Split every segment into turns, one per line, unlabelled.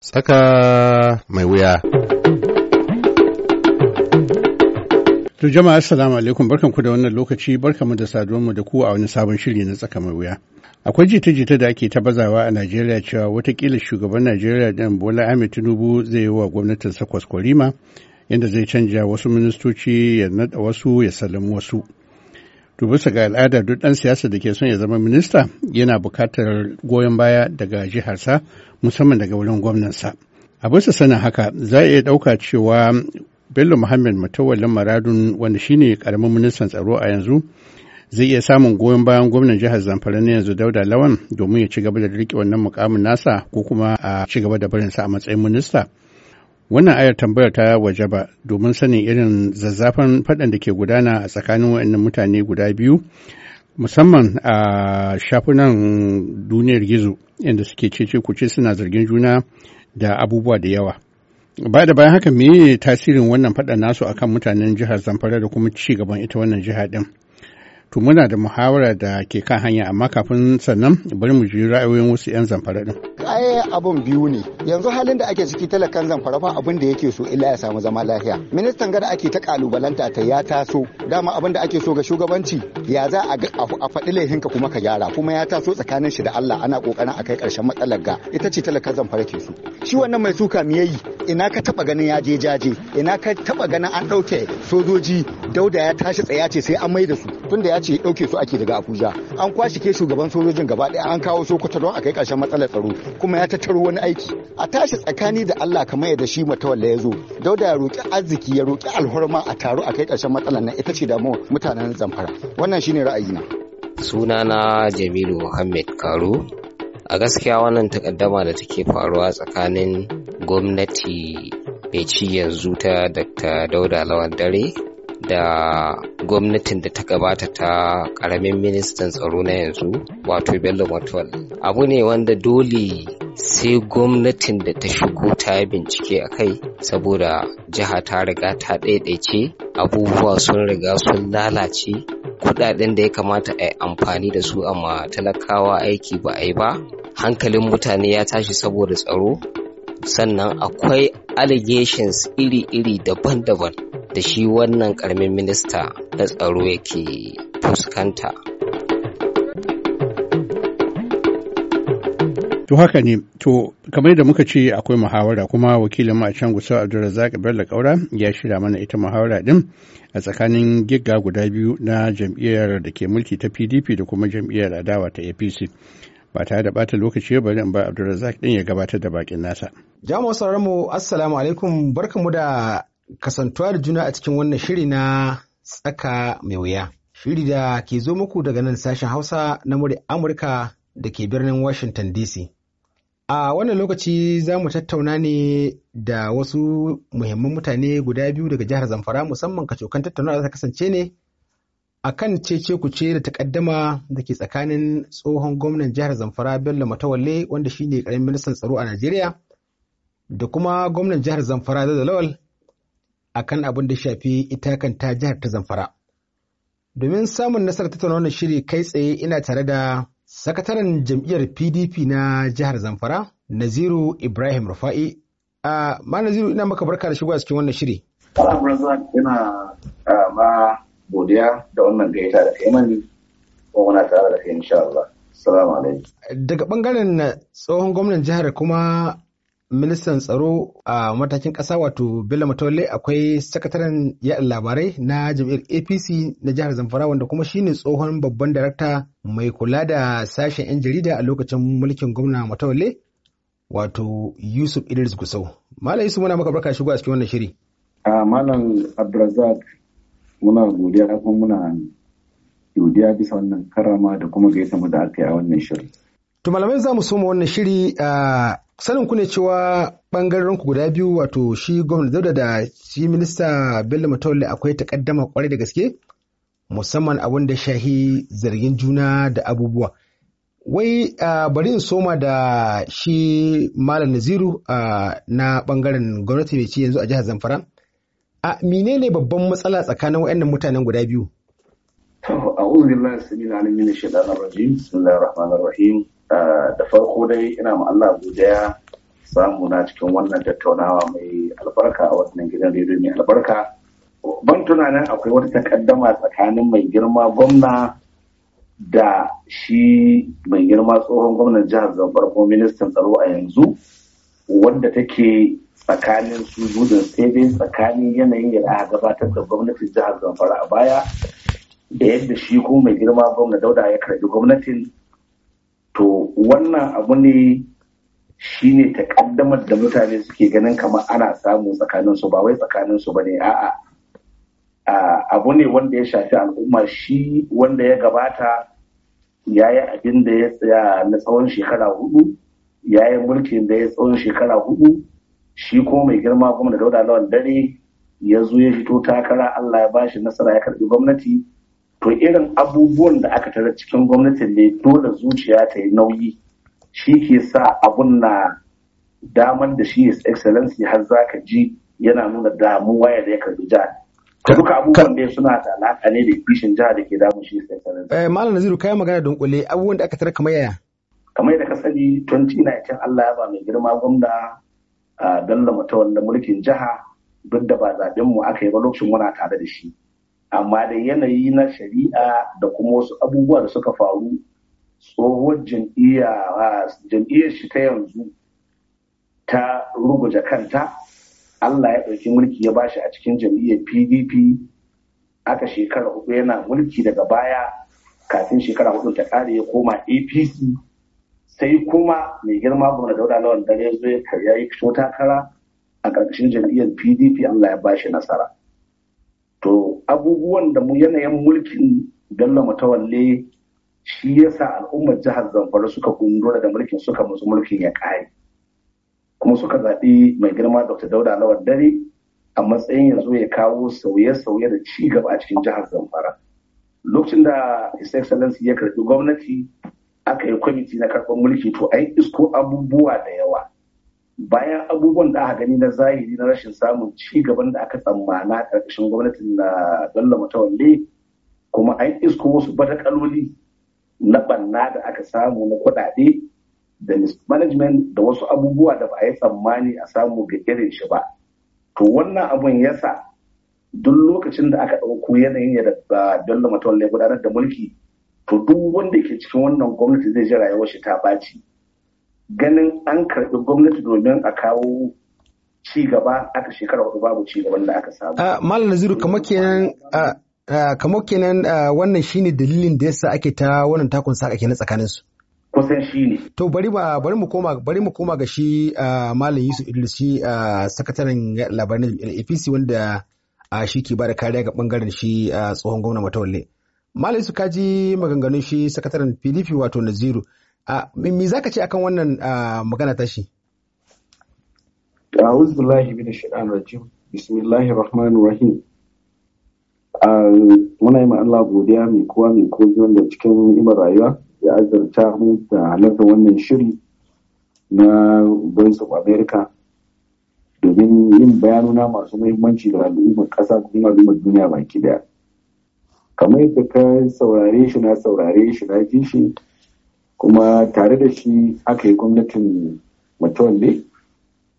Tsaka mai wuya. To jama'a assalamu alaikum barkanku da wannan lokaci barkanmu da mu da ku a wani sabon shiri na tsaka mai wuya. Akwai jita-jita da ake ta bazawa a Najeriya cewa watakila shugaban Najeriya dan Bola Ahmed Tinubu zai yi wa gwamnatin sakwas kwarima yadda zai canja wasu ministoci ya naɗa wasu ya salami wasu. To bisa ga al'adar duk ɗan siyasa da ke son ya zama minista yana buƙatar goyon baya daga jiharsa musamman daga wurin gwamnansa. A bisa sanin haka za a iya ɗauka cewa Bello Muhammad Mutawallin Maradun wanda shine karamin ministan tsaro a yanzu zai iya samun goyon bayan gwamnan jihar Zamfara na yanzu Dauda Lawan domin ya ci gaba da riƙe wannan mukamin nasa ko kuma a ci gaba da barinsa a matsayin minista. Wannan ayar tambayar ta waje ba domin sanin irin zazzafan faɗan da ke gudana a tsakanin wa'annan mutane guda biyu musamman a shafunan duniyar gizo inda suke cece kuce suna zargin juna da abubuwa da yawa. Ba da bayan haka meye tasirin wannan faɗa nasu akan mutanen jihar Zamfara da kuma ci gaban ita wannan jiha ɗin. To muna da muhawara da ke kan hanya amma kafin sannan bari mu ji ra'ayoyin wasu 'yan zamfara ɗin.
Kai abun biyu ne. yanzu halin da ake ciki talakan zamfara fa abin da yake so illa ya samu zama lafiya ministan gada ake ta kalubalanta ta ya taso dama abin da ake so ga shugabanci ya za a a faɗi laifinka kuma ka gyara kuma ya taso tsakanin shi da Allah ana kokarin a kai karshen matsalar ga ita ce talakan zamfara ke so shi wannan mai suka me yayi ina ka taba ganin ya je jaje ina ka taba ganin an ɗauke sojoji dauda ya tashi tsaya ce sai an mai da su tunda ya ce ɗauke su ake daga abuja an kwashe ke shugaban sojojin gaba ɗaya an kawo sokoto don a kai ƙarshen matsalar tsaro kuma ya tattaro wani aiki a tashi tsakani da Allah kamar yadda shi matawalla ya zo dauda ya roki arziki ya roki alhurma a taro a kai ƙarshen matsalar nan ita ce mu mutanen zamfara wannan shine ra'ayina sunana jamilu muhammad karu a gaskiya wannan takaddama da take faruwa tsakanin gwamnati mai ci yanzu ta dr dauda lawan dare da gwamnatin da ta gabata ta karamin ministan tsaro na yanzu wato bello matwal abu ne wanda dole sai gwamnatin da ta shigo ta yi bincike a kai saboda jiha ta riga ta ɗaiɗaice abubuwa sun riga sun lalace kudaden da ya kamata a yi amfani da su amma talakawa aiki ba a yi ba hankalin mutane ya tashi saboda tsaro sannan akwai allegations iri-iri daban-daban da shi wannan karamin minista na tsaro yake fuskanta.
To haka ne, to kamar da muka ce akwai muhawara kuma wakilin a can gusa Abdulrazak Bello Kaura ya shirya mana ita muhawara din a tsakanin gigga guda biyu na jam'iyyar da ke mulki ta PDP da kuma jam'iyyar adawa ta APC. ba tare da bata lokaci bari in ba Abdulrazak din ya gabatar da bakin nasa.
Jama'a sauraron mu assalamu alaikum mu da kasantuwa da juna a cikin wannan shiri na tsaka mai wuya. Shiri da ke zo muku daga nan sashen Hausa na muri Amurka da ke birnin Washington DC. A wannan lokaci za mu tattauna ne da wasu muhimman mutane guda biyu daga jihar Zamfara musamman kacokan tattauna za ta kasance ne akan cece ku ce da takaddama da ke tsakanin tsohon gwamnan jihar Zamfara Bello Matawalle wanda shine karamin ministan tsaro a Najeriya da kuma gwamnan jihar Zamfara da Lawal akan abin da shafi ita kanta jihar ta Zamfara. Domin samun nasarar tattauna wannan shiri kai tsaye ina tare da sakataren jam'iyyar PDP na jihar Zamfara Naziru Ibrahim Rufa'i. a ma Naziru ina maka barka da shigowa cikin wannan shiri.
Ina eh, ma godiya da wannan gaita da kai mani kuma muna tare da kai insha Allah. Assalamu alaikum.
Daga bangaren tsohon gwamnan jihar kuma ministan tsaro a matakin ƙasa wato Bello matole akwai sakataren yaɗa labarai na jam'iyyar APC na jihar Zamfara wanda kuma shine tsohon babban darakta mai kula da sashen 'yan jarida a lokacin mulkin gwamna Matole wato Yusuf Idris Gusau. Malam Yusuf muna maka barka shigo a cikin wannan shiri.
Ah, Malam Abdulrazak muna godiya kuma muna godiya bisa wannan karama da kuma gaisa mu da aka yi a wannan shirin.
To malamai za mu soma wannan shiri a sanin ku ne cewa ɓangarenku guda biyu wato shi gwamnati dauda da shi minista Bello Matawalle akwai takaddama kwarai da gaske musamman abin da shahi zargin juna da abubuwa. Wai bari in soma da shi Malam Naziru na bangaren gwamnati mai ci yanzu a jihar Zamfara. a menene babban matsala tsakanin waɗannan mutanen guda biyu
أعوذ بالله السميع العليم من الشيطان الرجيم da farko dai ina ma Allah godiya samu na cikin wannan tattaunawa mai albarka a wannan gidan rediyo mai albarka ban tunanin akwai wata takaddama tsakanin mai girma gwamna da shi mai girma tsohon gwamnan jihar Zamfara ko ministan tsaro a yanzu wanda take tsakanin su gudun sai dai tsakanin yanayin yadda aka gabatar da gwamnatin jihar zamfara a baya da yadda shi ko mai girma gwamna dauda ya karbi gwamnatin to wannan abu ne shi ne takaddamar da mutane suke ganin kamar ana samu tsakanin su ba wai tsakanin su bane a'a abu ne wanda ya shafi al'umma shi wanda ya gabata ya yi abin da ya tsaya na tsawon shekara hudu ya yi mulkin da ya tsawon shekara hudu shi ko mai girma kuma da dauda lawan dare ya zo ya fito takara Allah ya bashi nasara ya karbi gwamnati to irin abubuwan da aka tara cikin gwamnatin ne dole zuciya ta yi nauyi shi ke sa abun na damar da shi is excellency har za ka ji yana nuna damuwa yadda ya karbi jihar duka abubuwan da suna da alaƙa ne da fishin jihar da ke damun shi his excellency
eh, malam naziru kayan magana dunkule abubuwan da aka tara kamar yaya
kamar da ka sani 2019 Allah ya ba mai girma gwamna a dalla wanda mulkin jiha duk da ba zaben mu aka yi ba lokacin muna tare da shi amma da yanayi na shari'a da kuma wasu abubuwa da suka faru tsohuwar jam'iyyar shi ta yanzu ta ruguje kanta Allah ya ɗauki mulki ya bashi a cikin jam'iyyar PDP aka shekara uku yana mulki daga baya kafin shekara hudu ta ƙare ya koma APC sai kuma mai girma gwamna dauda lawan dare zo ya karya yi fito takara a ƙarƙashin jam'iyyar pdp allah ya bashi nasara to abubuwan da mu yanayin mulkin bello mutawalle shi yasa al'ummar jihar zamfara suka gundura da mulkin suka musu mulkin ya ƙare kuma suka zaɓi mai girma dr dauda lawan dare a matsayin ya zo ya kawo sauye-sauye da ci gaba a cikin jihar zamfara lokacin da his excellency ya karɓi gwamnati aka yi kwamiti na karɓar mulki to a yi isko abubuwa da yawa bayan abubuwan da aka gani na zahiri na rashin samun ci gaban da aka tsammana ƙarƙashin gwamnatin na ah, bello matawalle kuma an isko wasu kaloli na banna da aka samu na kuɗaɗe da mismanagement da wasu abubuwa da ba a yi tsammani a samu ga irin shi ba to wannan abun yasa duk lokacin da aka ɗauko yanayin da ah, bello matawalle gudanar da mulki to duk wanda ke cikin wannan gwamnati zai ji rayuwar shi ta baci ganin an karɓi gwamnati domin a kawo ci gaba aka shekara hudu babu ci gaban da aka samu. Ah,
Malam Naziru kamar kenan ah, ah, kamar kenan wannan shine dalilin da yasa ake ta wannan takun saka kenan tsakanin su.
Kusan shi ne.
To bari ba bari mu koma bari mu koma ga shi Malam Yusuf Idris shi sakataren labarin APC wanda shi ke bada kariya ga bangaren shi tsohon gwamna Matawalle. Malam su kaji maganganun shi sakataren PDP wato Naziru. Me za ka ce akan wannan magana tashi?
أعوذ بالله bi الشيطان الرجيم بسم الله الرحمن rahim. muna yi Allah godiya mai kowa mai kogi wanda cikin ni'imar rayuwa ya azarta mu da halartar wannan shiri na Voice of America domin yin bayanuna masu muhimmanci da al'ummar ƙasa kuma al'ummar duniya baki daya. kamar yadda ka saurare shi na saurare shi na ji shi kuma tare da shi aka yi gwamnatin matawalle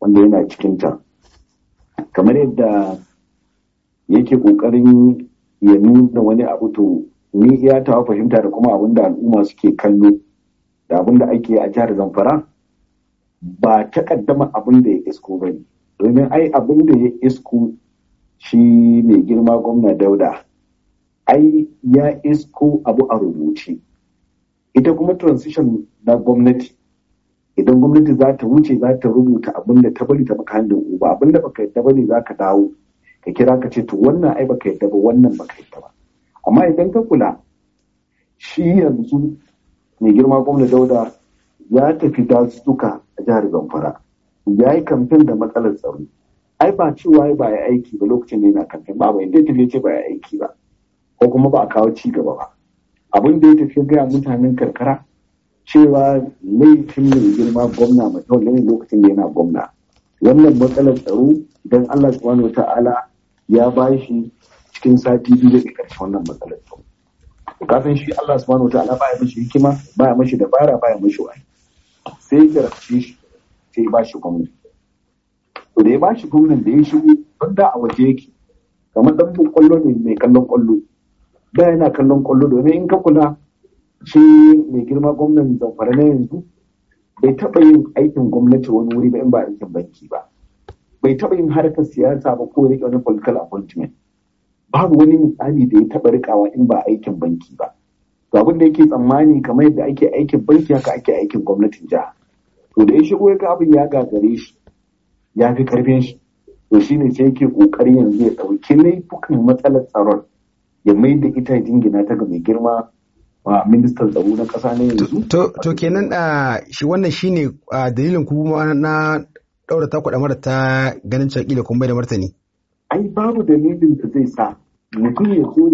wanda yana cikinta kamar yadda yake kokarin ya nuna wani abu to ni ya tawa fahimta da kuma abin da al'umma suke kallo da abin da ake a jihar zamfara ba ta kaddama abin da ya isko ba ne domin ai abin da ya isko shi mai girma gwamna dauda ai ya isko abu a rubuce ita kuma transition na gwamnati idan gwamnati za ta wuce za ta rubuta abin da ta bari ta baka hannun uba abin da baka yadda bane za ka dawo ka kira ka ce to wannan ai baka yadda ba wannan baka yadda ba amma idan ka kula shi yanzu mai girma gwamna dauda ya tafi dazuka a jihar zamfara ya yi kamfen da matsalar tsaro ai ba cewa ba ya aiki ba lokacin da yana kamfen ba ba inda tafi ce ba ya aiki ba ko kuma ba a kawo ci gaba ba abin da ya tafi gaya mutanen karkara cewa laifin mai girma gwamna mutum ne lokacin da yana gwamna wannan matsalar tsaro don Allah subhanahu ta'ala ya ba shi cikin sati biyu da karshe wannan matsalar tsaro kafin shi Allah subhanahu ta'ala baya mashi hikima baya mashi dabara baya mashi wani sai ya rafi shi sai ya ba shi gwamna. to da ya ba shi gwamnan da ya shigo don da a waje yake kamar dan kwallo ne mai kallon kwallo da yana kallon kwallo domin in ka kula shi mai girma gwamnan zamfara na yanzu bai taɓa yin aikin gwamnati wani wuri ba in ba aikin banki ba bai taɓa yin harkar siyasa ba ko rike wani political appointment babu wani misali da ya taɓa rikawa in ba aikin banki ba to abin da yake tsammani kamar yadda ake aikin banki haka ake aikin gwamnatin jiha to da ya shigo ya ga abin ya gagare shi ya fi karfin shi to shine sai yake kokari yanzu ya ɗauki laifukan matsalar tsaron ya mai da ita jingina ta ga mai girma a ministan tsaro na ƙasa ne
yanzu. To kenan a shi wannan dalilin kuma na ɗaura ta kuɗa mara ta ganin cakila kuma da martani. Ai babu dalilin da zai sa
mutum ya zo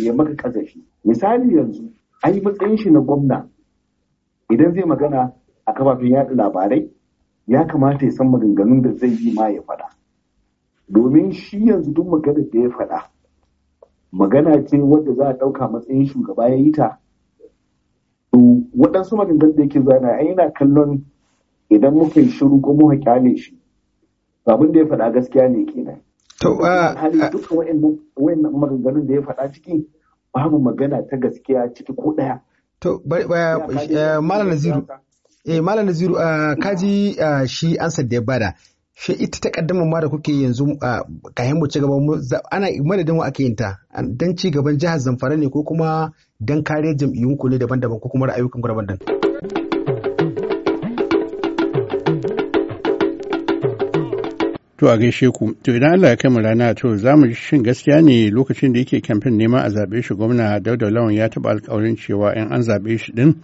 ya maka ƙazafi. Misali yanzu ai matsayin shi na gwamna idan zai magana a kafafen yaɗa labarai ya kamata ya san maganganun da zai yi ma ya faɗa. Domin shi yanzu duk maganar da ya faɗa magana ce wadda za a ɗauka matsayin shugaba ya yi ta to waɗansu maganganun da yake zana ai yana kallon idan muka yi shiru ko muka kyale shi abin da ya faɗa gaskiya ne kenan to hali duka wayannan maganganun da ya faɗa ciki babu magana ta gaskiya ciki ko ɗaya to
eh, malam naziru eh malam naziru kaji shi ansa da ya bada shi ita ta kaddamar ma da kuke yanzu a kayan mu ci gaba ana madadin wa ake yin ta dan ci gaban jihar Zamfara ne ko kuma dan kariyar jam'iyyun ku ne daban-daban ko kuma ra'ayoyin ku daban-daban
To a gaishe ku, to idan Allah ya kai mu rana to za mu shin gaskiya ne lokacin da yake kamfen nema a zabe shi gwamna Dauda Lawan ya taba alƙawarin cewa in an zaɓe shi din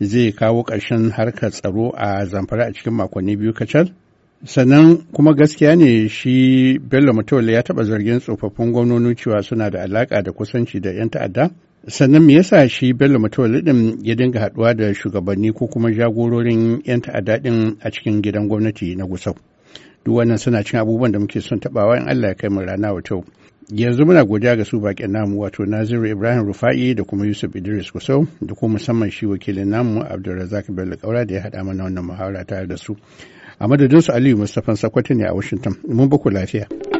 zai kawo ƙarshen harkar tsaro a zamfara a cikin makonni biyu kacal? sannan kuma gaskiya ne shi bello mutawalla ya taba zargin tsofaffin gwamnoni cewa suna da alaka da kusanci da 'yan ta'adda sannan me yasa shi bello mutawalla din ya dinga haɗuwa da shugabanni ko kuma jagororin 'yan ta'adda din a cikin gidan gwamnati na gusau duk wannan suna cin abubuwan da muke son tabawa in allah ya kai mu rana wato yanzu muna godiya ga su bakin namu wato naziru ibrahim rufa'i da kuma yusuf idris gusau da kuma musamman shi wakilin namu abdulrazak bello kaura da ya haɗa mana wannan muhawara tare da su a madadinsu aliyu mustapha sakwato ne a washington mun baku lafiya